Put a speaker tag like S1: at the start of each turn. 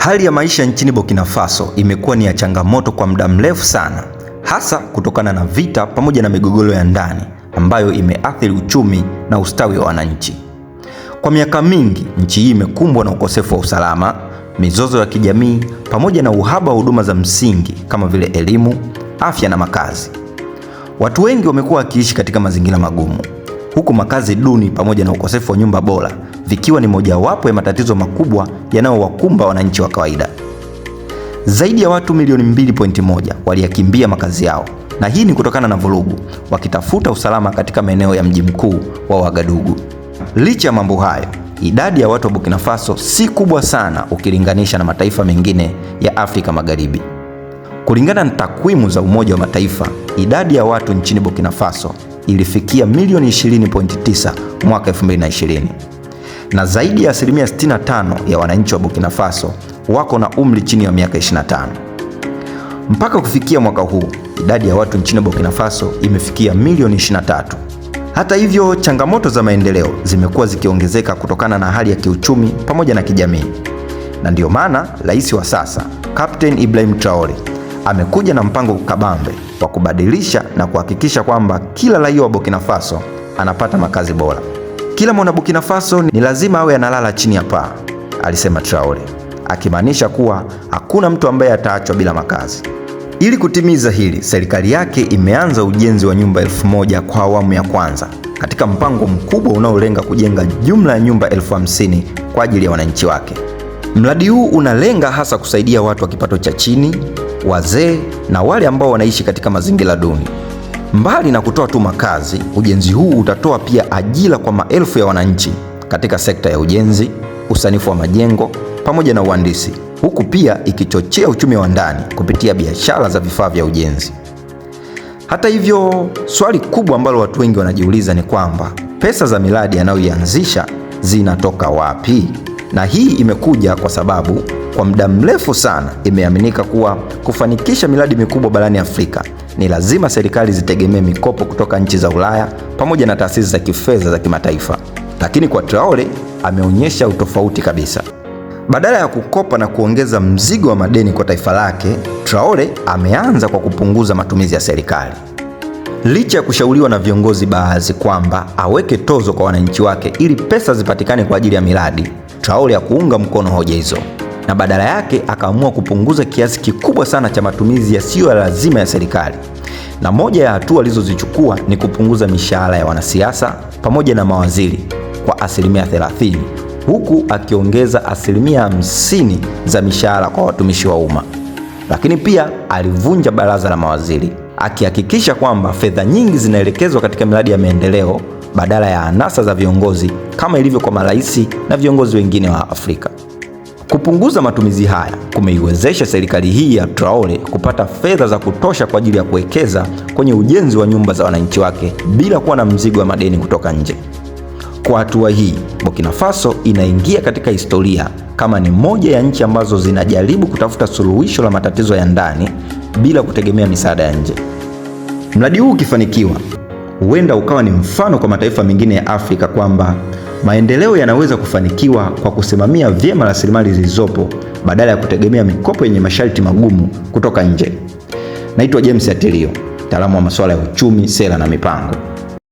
S1: Hali ya maisha nchini Burkina Faso imekuwa ni ya changamoto kwa muda mrefu sana, hasa kutokana na vita pamoja na migogoro ya ndani ambayo imeathiri uchumi na ustawi wa wananchi. Kwa miaka mingi, nchi hii imekumbwa na ukosefu wa usalama, mizozo ya kijamii pamoja na uhaba wa huduma za msingi kama vile elimu, afya na makazi. Watu wengi wamekuwa wakiishi katika mazingira magumu huku makazi duni pamoja na ukosefu wa nyumba bora vikiwa ni mojawapo ya matatizo makubwa yanayowakumba wananchi wa kawaida. Zaidi ya watu milioni 2.1 waliyakimbia makazi yao, na hii ni kutokana na vurugu, wakitafuta usalama katika maeneo ya mji mkuu wa Wagadugu. Licha ya mambo hayo, idadi ya watu wa Burkina Faso si kubwa sana ukilinganisha na mataifa mengine ya Afrika Magharibi. Kulingana na takwimu za Umoja wa Mataifa, idadi ya watu nchini Burkina Faso ilifikia milioni 20.9 mwaka 2020 na zaidi ya asilimia 65 ya wananchi wa Burkina Faso wako na umri chini ya miaka 25. Mpaka kufikia mwaka huu idadi ya watu nchini Burkina Faso imefikia milioni 23. Hata hivyo, changamoto za maendeleo zimekuwa zikiongezeka kutokana na hali ya kiuchumi pamoja na kijamii, na ndiyo maana rais wa sasa Captain Ibrahim Traore amekuja na mpango kabambe wa kubadilisha na kuhakikisha kwamba kila raia wa Burkina Faso anapata makazi bora. Kila mwana Burkina Faso ni lazima awe analala chini ya paa, alisema Traore, akimaanisha kuwa hakuna mtu ambaye ataachwa bila makazi. Ili kutimiza hili, serikali yake imeanza ujenzi wa nyumba elfu moja kwa awamu ya kwanza katika mpango mkubwa unaolenga kujenga jumla ya nyumba elfu hamsini kwa ajili ya wananchi wake. Mradi huu unalenga hasa kusaidia watu wa kipato cha chini, wazee na wale ambao wanaishi katika mazingira duni. Mbali na kutoa tu makazi, ujenzi huu utatoa pia ajira kwa maelfu ya wananchi katika sekta ya ujenzi, usanifu wa majengo pamoja na uhandisi, huku pia ikichochea uchumi wa ndani kupitia biashara za vifaa vya ujenzi. Hata hivyo, swali kubwa ambalo watu wengi wanajiuliza ni kwamba pesa za miradi anayoianzisha zinatoka wapi? Na hii imekuja kwa sababu kwa muda mrefu sana imeaminika kuwa kufanikisha miradi mikubwa barani Afrika ni lazima serikali zitegemee mikopo kutoka nchi za Ulaya pamoja na taasisi za kifedha za kimataifa, lakini kwa Traore ameonyesha utofauti kabisa. Badala ya kukopa na kuongeza mzigo wa madeni kwa taifa lake, Traore ameanza kwa kupunguza matumizi ya serikali. Licha ya kushauriwa na viongozi baadhi kwamba aweke tozo kwa wananchi wake ili pesa zipatikane kwa ajili ya miradi, Traore hakuunga mkono hoja hizo na badala yake akaamua kupunguza kiasi kikubwa sana cha matumizi yasiyo ya lazima ya serikali. Na moja ya hatua alizozichukua ni kupunguza mishahara ya wanasiasa pamoja na mawaziri kwa asilimia 30 huku akiongeza asilimia 50 za mishahara kwa watumishi wa umma. Lakini pia alivunja baraza la mawaziri akihakikisha kwamba fedha nyingi zinaelekezwa katika miradi ya maendeleo badala ya anasa za viongozi kama ilivyo kwa marais na viongozi wengine wa Afrika. Kupunguza matumizi haya kumeiwezesha serikali hii ya Traore kupata fedha za kutosha kwa ajili ya kuwekeza kwenye ujenzi wa nyumba za wananchi wake bila kuwa na mzigo wa madeni kutoka nje. Kwa hatua hii, Burkina Faso inaingia katika historia kama ni moja ya nchi ambazo zinajaribu kutafuta suluhisho la matatizo ya ndani bila kutegemea misaada ya nje. Mradi huu ukifanikiwa, huenda ukawa ni mfano kwa mataifa mengine ya Afrika kwamba Maendeleo yanaweza kufanikiwa kwa kusimamia vyema rasilimali zilizopo badala ya kutegemea mikopo yenye masharti magumu kutoka nje. Naitwa James Atilio, mtaalamu wa masuala ya uchumi, sera na mipango.